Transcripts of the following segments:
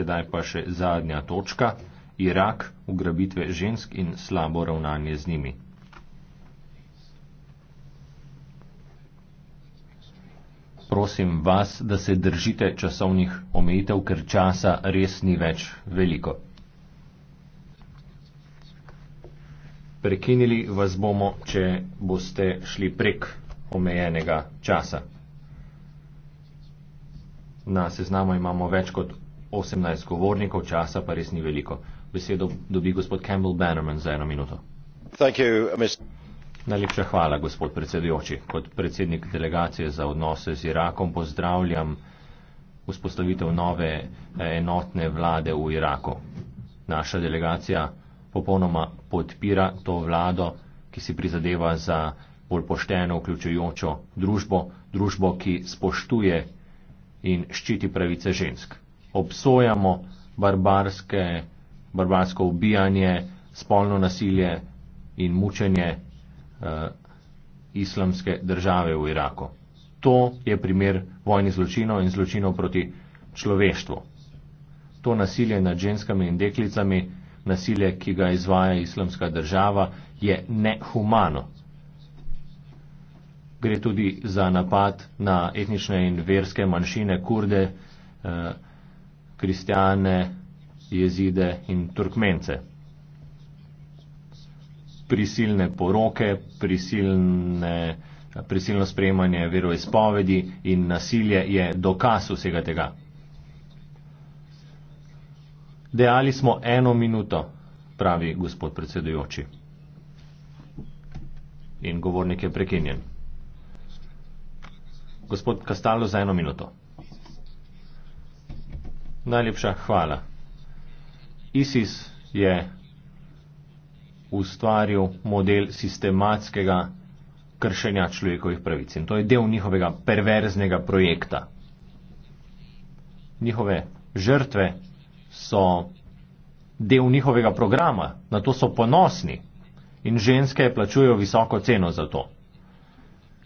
Sedaj pa še zadnja točka - Irak, ugrabitve žensk in slabo ravnanje z njimi. Prosim vas, da se držite časovnih omejitev, ker časa res ni več veliko. Prekinili vas bomo, če boste šli prek omejenega časa. Na seznamu imamo več kot 18 govornikov, časa pa res ni veliko. Besedo dobi gospod Campbell Bannerman za eno minuto. You, Najlepša hvala, gospod predsedujoči. Kot predsednik delegacije za odnose z Irakom pozdravljam vzpostavitev nove eh, enotne vlade v Iraku. Naša delegacija popolnoma podpira to vlado, ki si prizadeva za bolj pošteno, vključujočo družbo, družbo, ki spoštuje in ščiti pravice žensk obsojamo barbarske, barbarsko ubijanje, spolno nasilje in mučenje eh, islamske države v Iraku. To je primer vojnih zločinov in zločinov proti človeštvu. To nasilje nad ženskami in deklicami, nasilje, ki ga izvaja islamska država, je nehumano. Gre tudi za napad na etnične in verske manjšine, kurde. Eh, kristijane, jezide in turkmence. Prisilne poroke, prisilne, prisilno sprejemanje veroizpovedi in nasilje je dokaz vsega tega. Dejali smo eno minuto, pravi gospod predsedujoči. In govornik je prekinjen. Gospod Kastalo za eno minuto. Najlepša hvala. ISIS je ustvaril model sistematskega kršenja človekovih pravic in to je del njihovega perverznega projekta. Njihove žrtve so del njihovega programa, na to so ponosni in ženske plačujejo visoko ceno za to.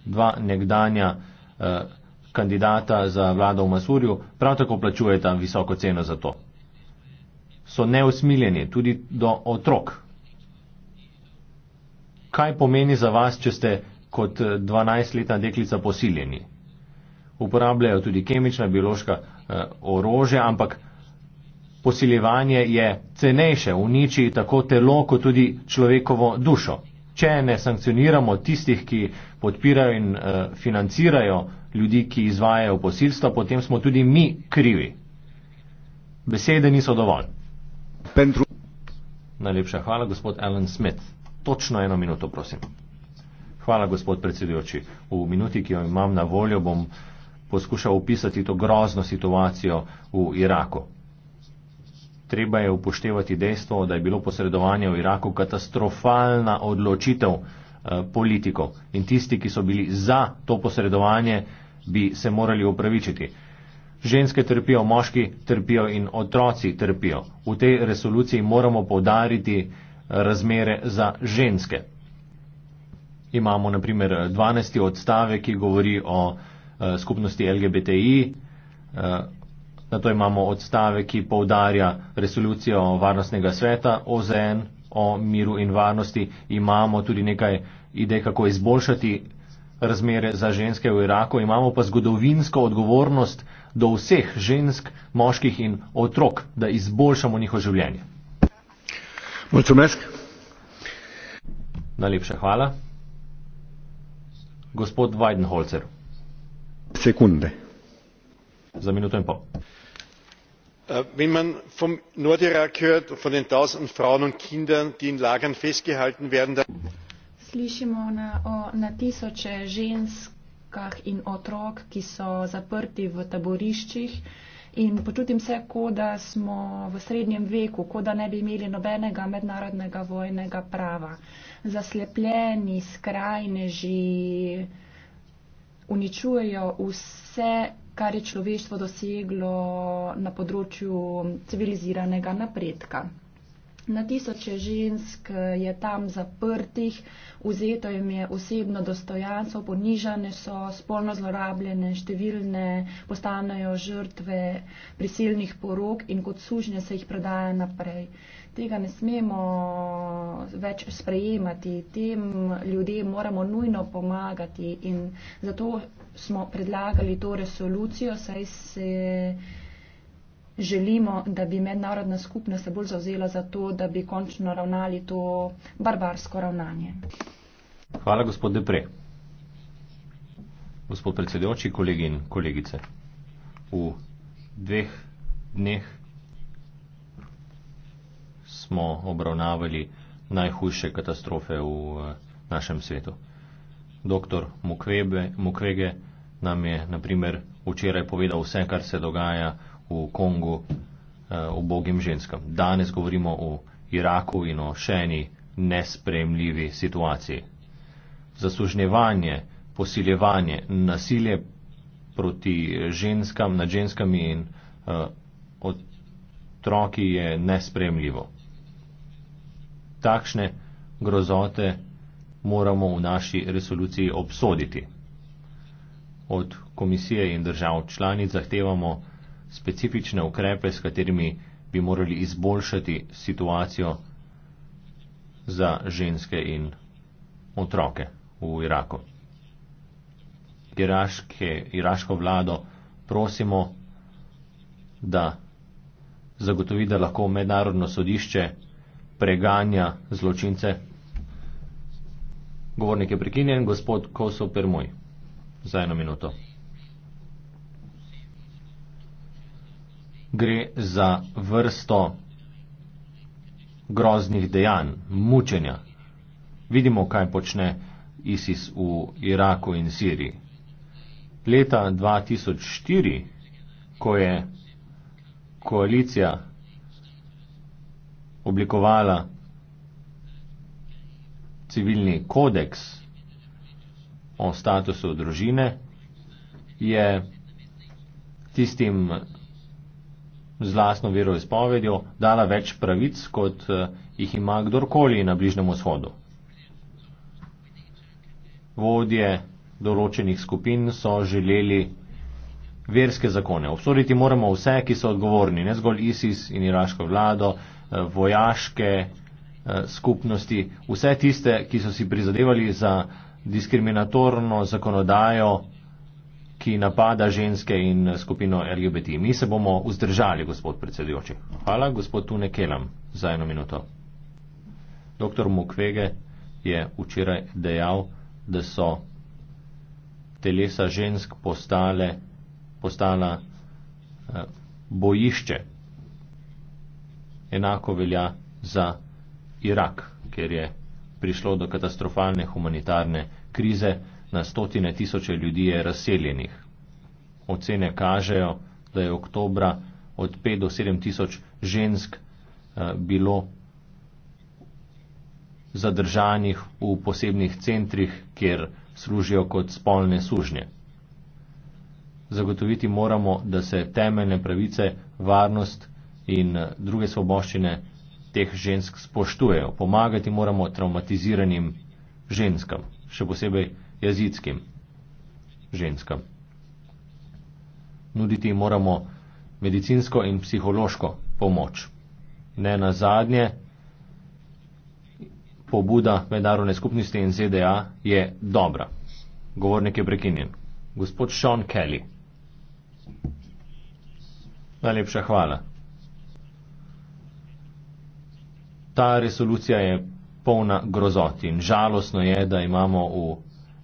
Dva nekdanja. Uh, kandidata za vlado v Masurju, prav tako plačujeta visoko ceno za to. So neusmiljeni tudi do otrok. Kaj pomeni za vas, če ste kot 12-letna deklica posiljeni? Uporabljajo tudi kemična, biološka eh, orožja, ampak posiljevanje je cenejše, uniči tako telo, kot tudi človekovo dušo če ne sankcioniramo tistih, ki podpirajo in uh, financirajo ljudi, ki izvajajo posilstva, potem smo tudi mi krivi. Besede niso dovolj. Pentru. Najlepša hvala, gospod Alan Smith. Točno eno minuto, prosim. Hvala, gospod predsedujoči. V minuti, ki jo imam na voljo, bom poskušal opisati to grozno situacijo v Iraku. Treba je upoštevati dejstvo, da je bilo posredovanje v Iraku katastrofalna odločitev eh, politikov in tisti, ki so bili za to posredovanje, bi se morali upravičiti. Ženske trpijo, moški trpijo in otroci trpijo. V tej resoluciji moramo povdariti eh, razmere za ženske. Imamo naprimer 12. odstave, ki govori o eh, skupnosti LGBTI. Eh, Na to imamo odstavek, ki povdarja resolucijo Varnostnega sveta OZN o miru in varnosti. Imamo tudi nekaj idej, kako izboljšati razmere za ženske v Iraku. Imamo pa zgodovinsko odgovornost do vseh žensk, moških in otrok, da izboljšamo njihovo življenje. Najlepša hvala. Gospod Weidenholzer. Sekunde. Za minuto in pol. Äh, wenn man vom nordirak hört von den tausenden frauen und kindern die in lagern festgehalten werden dann In počutim se, kot da smo v srednjem veku, kot da ne bi imeli nobenega mednarodnega vojnega prava. Zaslepljeni skrajneži uničujejo vse kar je človeštvo doseglo na področju civiliziranega napredka. Na tisoče žensk je tam zaprtih, vzeto jim je osebno dostojanstvo, ponižane so, spolno zlorabljene, številne postanejo žrtve prisilnih porok in kot sužnje se jih predaja naprej tega ne smemo več sprejemati, tem ljudem moramo nujno pomagati in zato smo predlagali to resolucijo, saj se želimo, da bi mednarodna skupnost se bolj zauzela za to, da bi končno ravnali to barbarsko ravnanje. Hvala, gospod Depre. Gospod predsedujoči, kolegi in kolegice, v dveh dneh smo obravnavali najhujše katastrofe v eh, našem svetu. Doktor Mukwebe, Mukwege nam je naprimer včeraj povedal vse, kar se dogaja v Kongu eh, obogim ženskam. Danes govorimo o Iraku in o še eni nespremljivi situaciji. Zasužnjevanje, posiljevanje, nasilje proti ženskam, nad ženskami in eh, otroki je nespremljivo takšne grozote moramo v naši resoluciji obsoditi. Od komisije in držav članic zahtevamo specifične ukrepe, s katerimi bi morali izboljšati situacijo za ženske in otroke v Iraku. Iraške, iraško vlado prosimo, da zagotovi, da lahko mednarodno sodišče preganja zločince. Govornik je prekinjen, gospod Koso Permoj, za eno minuto. Gre za vrsto groznih dejanj, mučenja. Vidimo, kaj počne ISIS v Iraku in Siriji. Leta 2004, ko je koalicija oblikovala civilni kodeks o statusu družine, je tistim z vlastno veroizpovedjo dala več pravic, kot eh, jih ima kdorkoli na Bližnjem vzhodu. Vodje določenih skupin so želeli verske zakone. Obsoditi moramo vse, ki so odgovorni, ne zgolj ISIS in iraško vlado, vojaške eh, skupnosti, vse tiste, ki so si prizadevali za diskriminatorno zakonodajo, ki napada ženske in eh, skupino LGBT. Mi se bomo vzdržali, gospod predsedujoči. Hvala, gospod Tune Kelam, za eno minuto. Doktor Mukvege je včeraj dejal, da so telesa žensk postale, postala eh, bojišče Enako velja za Irak, kjer je prišlo do katastrofalne humanitarne krize, na stotine tisoče ljudi je razseljenih. Ocene kažejo, da je oktobra od 5 do 7 tisoč žensk eh, bilo zadržanih v posebnih centrih, kjer služijo kot spolne sužnje. Zagotoviti moramo, da se temeljne pravice, varnost, in eh, druge svoboščine teh žensk spoštujejo. Pomagati moramo traumatiziranim ženskam, še posebej jezickim ženskam. Nuditi moramo medicinsko in psihološko pomoč. Ne na zadnje, pobuda mednarodne skupnosti in ZDA je dobra. Govornik je prekinjen. Gospod Sean Kelly. Najlepša hvala. ta resolucija je polna grozoti in žalostno je, da imamo v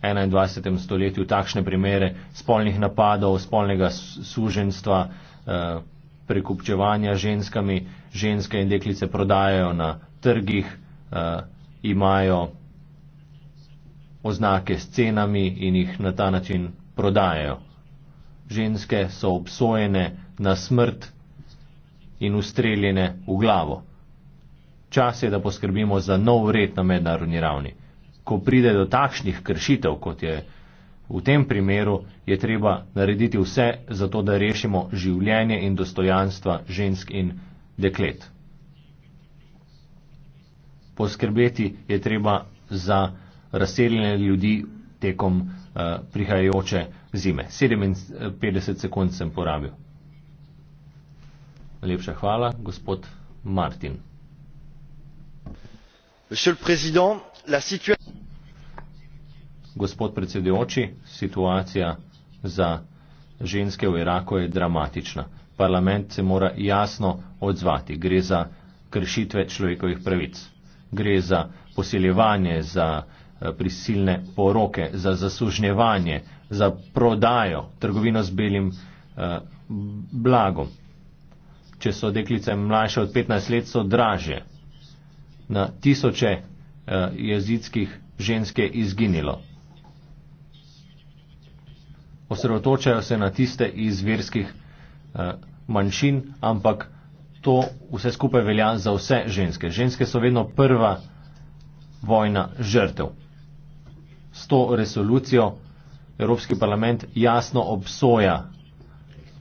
21. stoletju takšne primere spolnih napadov, spolnega suženstva, eh, prekupčevanja ženskami. Ženske in deklice prodajajo na trgih, eh, imajo oznake s cenami in jih na ta način prodajajo. Ženske so obsojene na smrt in ustreljene v glavo čas je, da poskrbimo za nov red na mednarodni ravni. Ko pride do takšnih kršitev, kot je v tem primeru, je treba narediti vse za to, da rešimo življenje in dostojanstva žensk in deklet. Poskrbeti je treba za razseljene ljudi tekom uh, prihajajoče zime. 57 sekund sem porabil. Lepša hvala, gospod Martin gospod predsedujoči situacija za ženske v iraku je dramatična parlament se mora jasno odzvati gre za kršitve človekovih pravic gre za posiljevanje za eh, prisilne poroke za zasužnjevanje za prodajo trgovino z belim eh, blagom če so deklice mlajše od petnajst let so draže na tisoče eh, jezidskih žensk je izginilo. Osredotočajo se na tiste iz verskih eh, manjšin, ampak to vse skupaj velja za vse ženske. Ženske so vedno prva vojna žrtev. S to resolucijo Evropski parlament jasno obsoja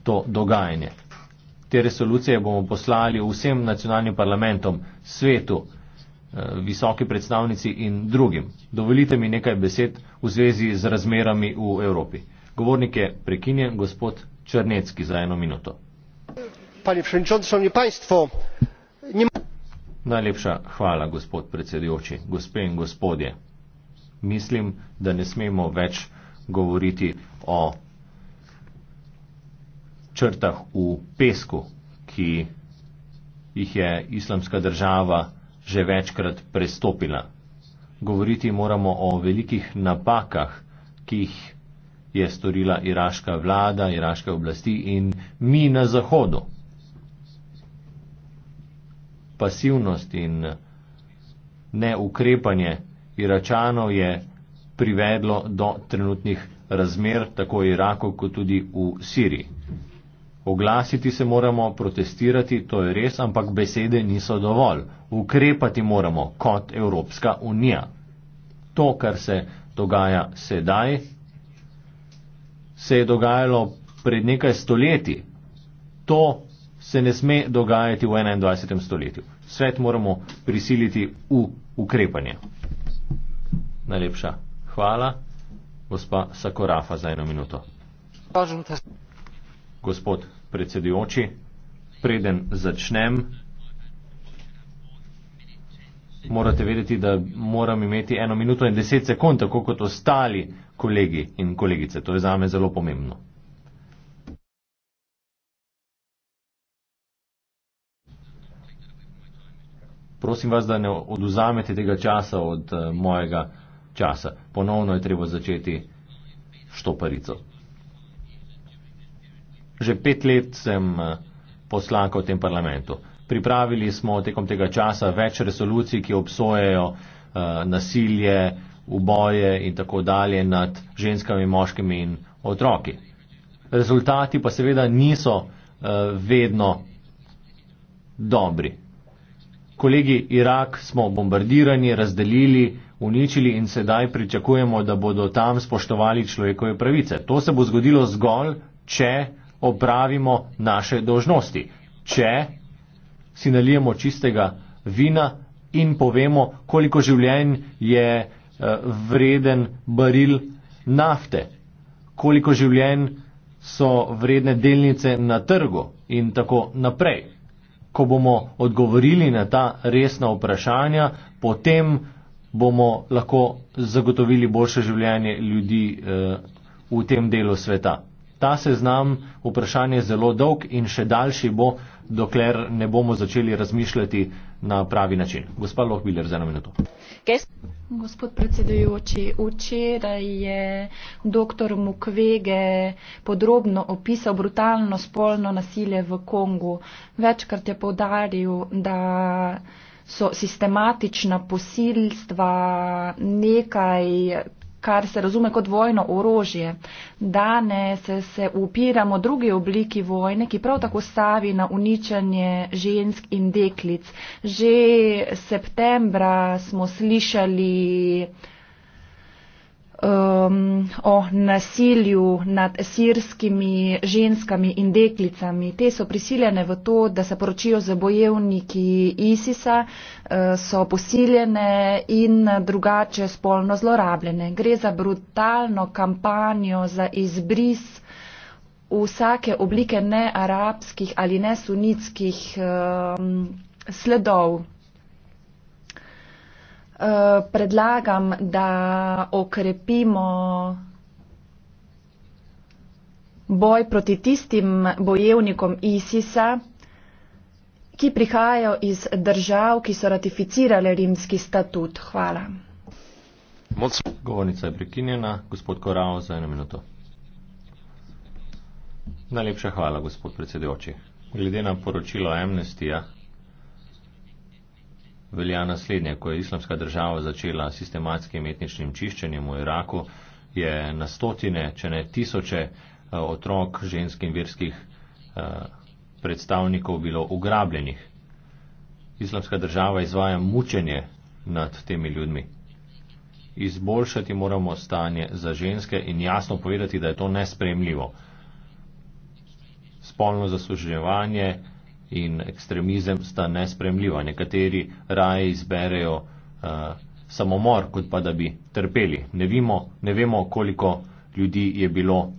to dogajanje. Te resolucije bomo poslali vsem nacionalnim parlamentom, svetu, Eh, visoki predstavnici in drugim. Dovolite mi nekaj besed v zvezi z razmerami v Evropi. Govornik je prekinjen gospod Črnecki za eno minuto. Najlepša hvala, gospod predsedujoči, gospe in gospodje. Mislim, da ne smemo več govoriti o črtah v pesku, ki jih je islamska država že večkrat prestopila. Govoriti moramo o velikih napakah, ki jih je storila iraška vlada, iraške oblasti in mi na Zahodu. Pasivnost in neukrepanje iračanov je privedlo do trenutnih razmer tako v Iraku kot tudi v Siriji. Oglasiti se moramo, protestirati, to je res, ampak besede niso dovolj. Ukrepati moramo kot Evropska unija. To, kar se dogaja sedaj, se je dogajalo pred nekaj stoletji. To se ne sme dogajati v 21. stoletju. Svet moramo prisiliti v ukrepanje. Najlepša hvala, gospa Sakorafa, za eno minuto. Pažem te. Gospod predsedujoči, preden začnem, morate vedeti, da moram imeti eno minuto in deset sekund, tako kot ostali kolegi in kolegice. To je zame zelo pomembno. Prosim vas, da ne oduzamete tega časa od eh, mojega časa. Ponovno je treba začeti štoparico. Že pet let sem eh, poslanka v tem parlamentu. Pripravili smo tekom tega časa več resolucij, ki obsojejo uh, eh, nasilje, uboje in tako dalje nad ženskami, moškimi in otroki. Rezultati pa seveda niso uh, vedno dobri. Kolegi Irak smo bombardirani, razdelili, uničili in sedaj pričakujemo, da bodo tam spoštovali človekove pravice. To se bo zgodilo zgolj, če opravimo naše dožnosti, če si nalijemo čistega vina in povemo, koliko življenj je eh, vreden baril nafte, koliko življenj so vredne delnice na trgu in tako naprej. Ko bomo odgovorili na ta resna vprašanja, potem bomo lahko zagotovili boljše življenje ljudi eh, v tem delu sveta. Ta seznam vprašanj je zelo dolg in še daljši bo, dokler ne bomo začeli razmišljati na pravi način. Gospod Lohbiler, za eno minuto. Kes? Gospod predsedujoči, včeraj je dr. Mukwege podrobno opisal brutalno spolno nasilje v Kongu. Večkrat je povdaril, da so sistematična posilstva nekaj, kar se razume kot vojno orožje danes se upiramo drugi obliki vojne, ki prav tako stavi na uničanje žensk in deklic. Že septembra smo slišali um, o nasilju nad sirskimi ženskami in deklicami. Te so prisiljene v to, da se poročijo z bojevniki ISIS-a, uh, so posiljene in drugače spolno zlorabljene. Gre za brutalno kampanjo za izbris vsake oblike nearabskih ali nesunitskih um, sledov. Eh, predlagam, da okrepimo boj proti tistim bojevnikom ISIS-a, ki prihajajo iz držav, ki so ratificirale rimski statut. Hvala. Govornica je prekinjena. Gospod Korao, za eno minuto. Najlepša hvala, gospod predsedujoči. Glede na poročilo Amnestija, velja naslednje. Ko je islamska država začela sistematskim etničnim čiščenjem v Iraku, je na stotine, če ne tisoče eh, otrok, žensk in verskih eh, predstavnikov bilo ugrabljenih. Islamska država izvaja mučenje nad temi ljudmi. Izboljšati moramo stanje za ženske in jasno povedati, da je to nespremljivo. Spolno zasluževanje, in ekstremizem sta nespremljiva. Nekateri raje izberejo uh, samomor, kot pa da bi trpeli. Ne vemo, ne vemo, koliko ljudi je bilo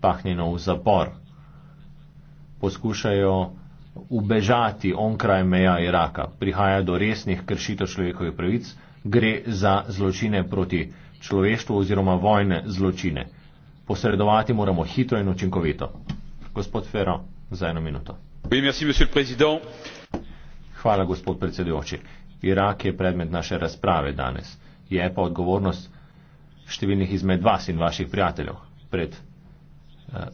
pahnjeno v zapor. Poskušajo ubežati onkraj meja Iraka. Prihaja do resnih kršitev človekovih pravic, gre za zločine proti človeštvu oziroma vojne zločine. Posredovati moramo hitro in učinkovito. Gospod Fero, za eno minuto irak je predmet naše razprave danes je pa odgovornost številnih izmed vas in vaših prijateljev pred eh,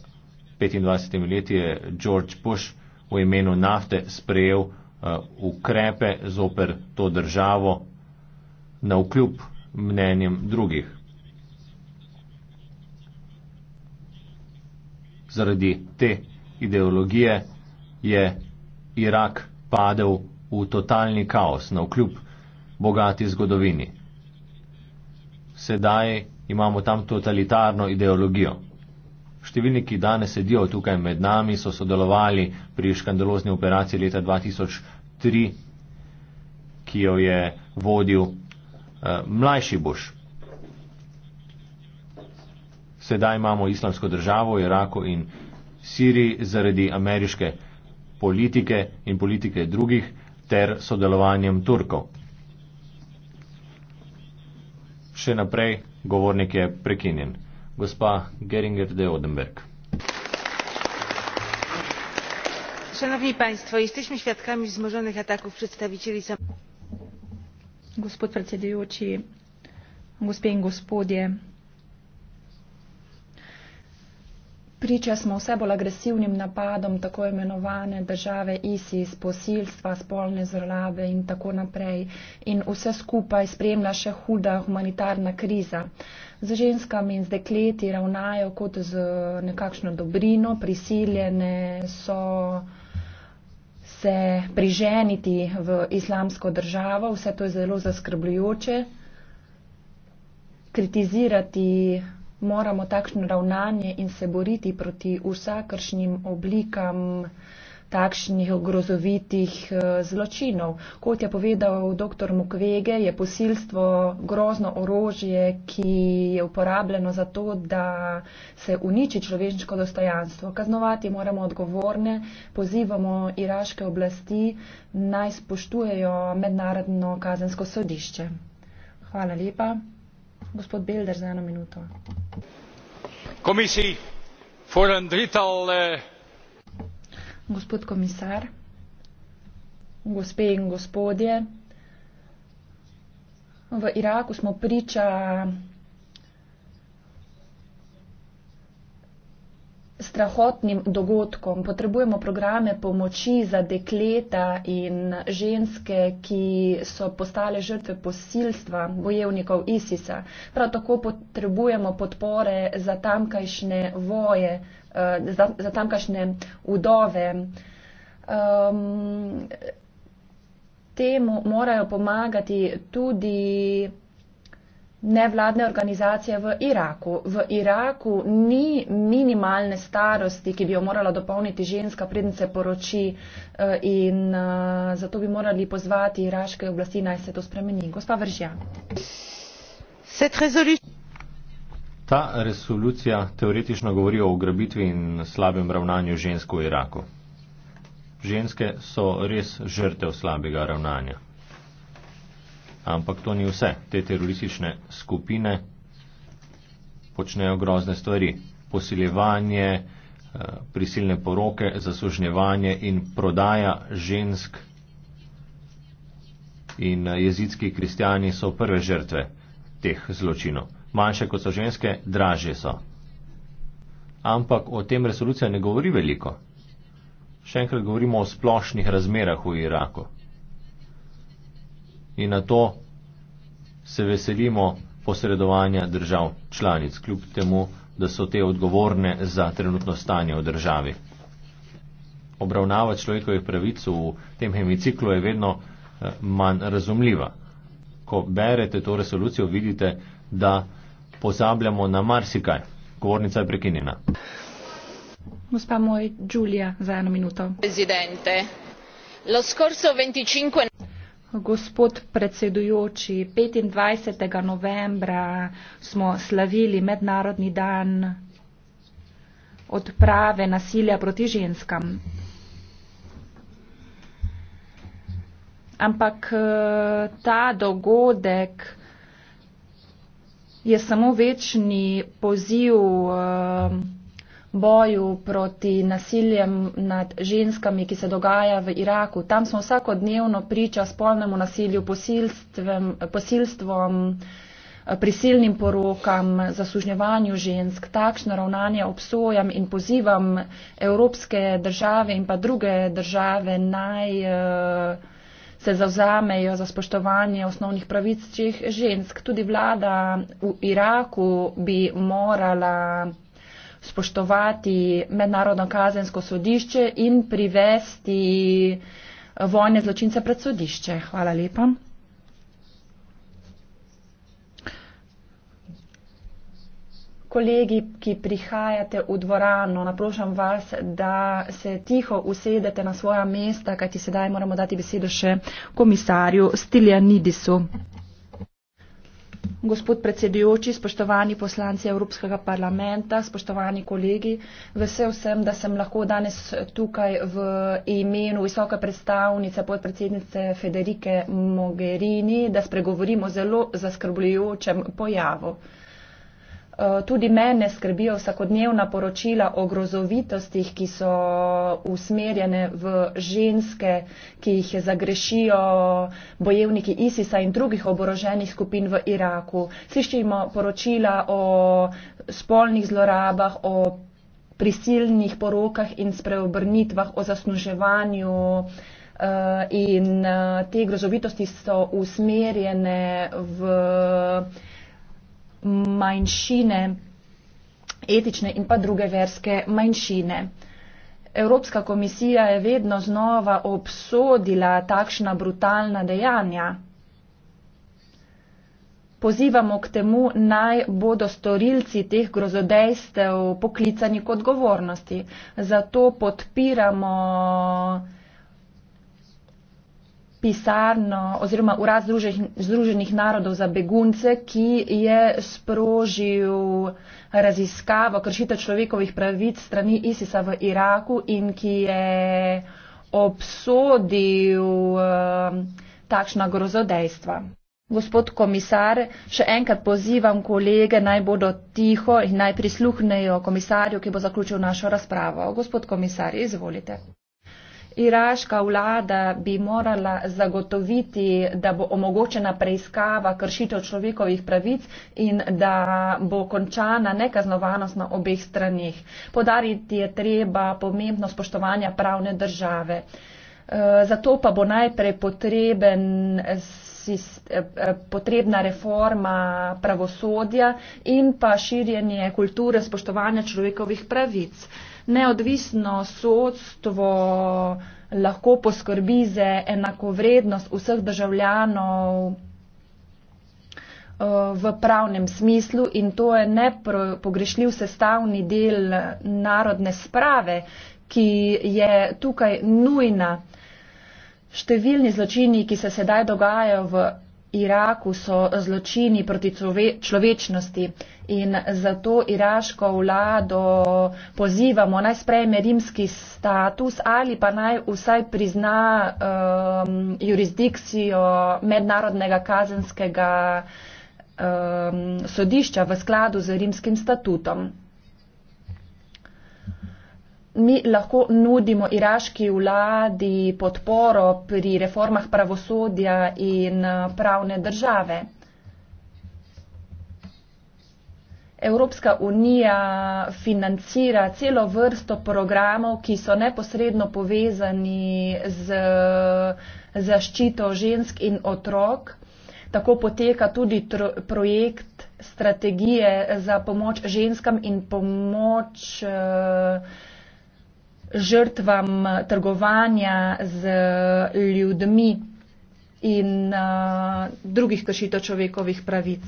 petindvajset uh, leti je george bush v imenu nafte sprejel uh, ukrepe zoper to državo na vkljub mnenjem drugih zaradi te ideologije je Irak padel v totalni kaos, na vkljub bogati zgodovini. Sedaj imamo tam totalitarno ideologijo. Številni, ki danes sedijo tukaj med nami, so sodelovali pri škandalozni operaciji leta 2003, ki jo je vodil eh, mlajši Bush. Sedaj imamo islamsko državo v Iraku in Siriji zaradi ameriške politike in politike drugih ter sodelovanjem Turkov. Še naprej govornik je prekinjen. Gospa Geringer de Odenberg. Szanowni Państwo, jesteśmy świadkami wzmożonych ataków przedstawicieli samorządów. Gospod predsedujoči, gospe in gospodje, Priča smo vse bolj agresivnim napadom tako imenovane države ISIS, posilstva, spolne zrlave in tako naprej. In vse skupaj spremlja še huda humanitarna kriza. Z ženskami in z dekleti ravnajo kot z nekakšno dobrino, prisiljene so se priženiti v islamsko državo. Vse to je zelo zaskrbljujoče. Kritizirati moramo takšno ravnanje in se boriti proti vsakršnim oblikam takšnih grozovitih eh, zločinov. Kot je povedal dr. Mukwege, je posilstvo grozno orožje, ki je uporabljeno za to, da se uniči človeško dostojanstvo. Kaznovati moramo odgovorne, pozivamo iraške oblasti, naj spoštujejo mednarodno kazensko sodišče. Hvala lepa gospod belder za eno minuto. komisie voor een drietal. Eh. gospod komisar gospe in gospodje v iraku smo priča strahotnim dogodkom. Potrebujemo programe pomoči za dekleta in ženske, ki so postale žrtve posilstva bojevnikov ISIS-a. Prav tako potrebujemo podpore za tamkajšnje voje, eh, za, za tamkajšnje udove. Um, ehm, temu morajo pomagati tudi nevladne organizacije v Iraku. V Iraku ni minimalne starosti, ki bi jo morala dopolniti ženska, preden se poroči eh, in eh, zato bi morali pozvati iraške oblasti, naj se to spremeni. Gospa Vržja. Ta resolucija teoretično govori o ugrabitvi in slabem ravnanju žensk v Iraku. Ženske so res žrtev slabega ravnanja. Ampak to ni vse. Te teroristične skupine počnejo grozne stvari. Posiljevanje, eh, prisilne poroke, zasužnjevanje in prodaja žensk. In eh, jezitski kristijani so prve žrtve teh zločinov. Manjše kot so ženske, dražje so. Ampak o tem resolucija ne govori veliko. Še enkrat govorimo o splošnih razmerah v Iraku in na to se veselimo posredovanja držav članic, kljub temu, da so te odgovorne za trenutno stanje v državi. Obravnava človekovih pravic v tem hemiciklu je vedno eh, manj razumljiva. Ko berete to resolucijo, vidite, da pozabljamo na marsikaj. Govornica je prekinjena. Gospa moj, Julija, za eno minuto. Prezidente, lo skorso 25. Gospod predsedujoči, 25. novembra smo slavili Mednarodni dan odprave nasilja proti ženskam. Ampak eh, ta dogodek je samo večni poziv. Uh, boju proti nasiljem nad ženskami, ki se dogaja v Iraku. Tam smo vsakodnevno priča spolnemu nasilju, posilstvom, prisilnim porokam, zasužnjevanju žensk. Takšno ravnanje obsojam in pozivam evropske države in pa druge države naj eh, se zauzamejo za spoštovanje osnovnih pravic žensk. Tudi vlada v Iraku bi morala spoštovati mednarodno kazensko sodišče in privesti eh, vojne zločince pred sodišče. Hvala lepa. Kolegi, ki prihajate v dvorano, naprošam vas, da se tiho usedete na svoja mesta, kajti sedaj moramo dati besedo še komisarju Stiljanidisu. Gospod predsedujoči, spoštovani poslanci Evropskega parlamenta, spoštovani kolegi, vesel sem, da sem lahko danes tukaj v imenu visoke predstavnice podpredsednice Federike Mogherini, da spregovorimo o zelo zaskrbljujočem pojavu. Eh, tudi mene skrbijo vsakodnevna poročila o grozovitostih, ki so usmerjene v ženske, ki jih zagrešijo bojevniki ISIS-a in drugih oboroženih skupin v Iraku. Slišimo poročila o spolnih zlorabah, o prisilnih porokah in spreobrnitvah, o zasnuževanju. Eh, in eh, te grozovitosti so usmerjene v manjšine, etične in pa druge verske manjšine. Evropska komisija je vedno znova obsodila takšna brutalna dejanja. Pozivamo k temu, naj bodo storilci teh grozodejstev poklicani k odgovornosti. Zato podpiramo pisarno oziroma urad Združenih narodov za begunce, ki je sprožil raziskavo kršitev človekovih pravic strani ISIS-a v Iraku in ki je obsodil eh, takšna grozodejstva. Gospod komisar, še enkrat pozivam kolege, naj bodo tiho in naj prisluhnejo komisarju, ki bo zaključil našo razpravo. Gospod komisar, izvolite. Iraška vlada bi morala zagotoviti, da bo omogočena preiskava kršitev človekovih pravic in da bo končana nekaznovanost na obeh stranih. Podariti je treba pomembno spoštovanje pravne države. E, zato pa bo najprej potreben, e, e, potrebna reforma pravosodja in pa širjenje kulture spoštovanja človekovih pravic neodvisno sodstvo lahko poskrbi za enakovrednost vseh državljanov eh, v pravnem smislu in to je nepogrešljiv sestavni del narodne sprave, ki je tukaj nujna. Številni zločini, ki se sedaj dogajajo v Iraku so zločini proti človečnosti in zato iraško vlado pozivamo naj sprejme rimski status ali pa naj vsaj prizna um, jurisdikcijo mednarodnega kazenskega um, sodišča v skladu z rimskim statutom mi lahko nudimo iraški vladi podporo pri reformah pravosodja in eh, pravne države. Evropska unija financira celo vrsto programov, ki so neposredno povezani z eh, zaščito žensk in otrok. Tako poteka tudi projekt strategije za pomoč ženskam in pomoč uh, žrtvam eh, trgovanja z eh, ljudmi in uh, drugih kršitev človekovih pravic.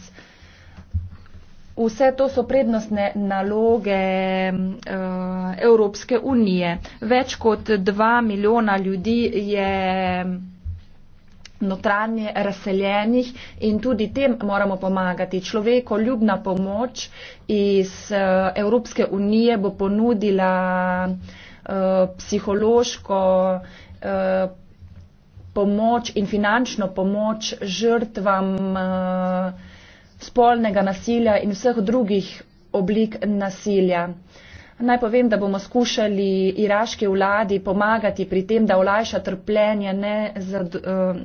Vse to so prednostne naloge uh, Evropske unije. Več kot dva milijona ljudi je notranje razseljenih in tudi tem moramo pomagati. Človeko ljubna pomoč iz uh, Evropske unije bo ponudila uh, Eh, psihološko eh, pomoč in finančno pomoč žrtvam eh, spolnega nasilja in vseh drugih oblik nasilja. Uh, Naj povem, da bomo skušali iraški vladi pomagati pri tem, da olajša trpljenje ne zad, eh,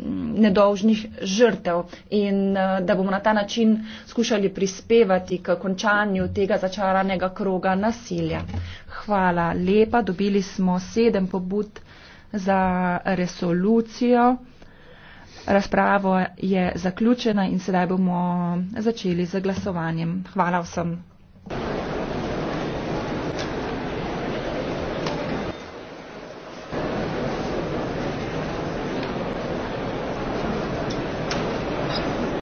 nedolžnih žrtev in eh, da bomo na ta način skušali prispevati k končanju tega začaranega kroga nasilja. Hvala lepa. Dobili smo sedem pobud za resolucijo. Razpravo je zaključena in sedaj bomo začeli z glasovanjem. Hvala vsem.